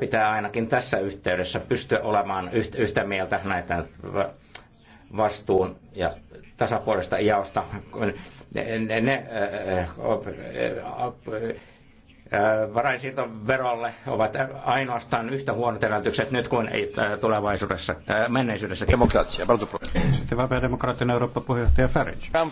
pitää ainakin tässä yhteydessä pystyä olemaan yhtä mieltä näitä vastuun ja tasapuolista jaosta. Ne, ne varainsiirtoverolle ovat ainoastaan yhtä huonot edellytykset nyt kuin ei tulevaisuudessa, menneisyydessä. Demokratia, Sitten vapaa demokraattinen Eurooppa-puheenjohtaja Farage.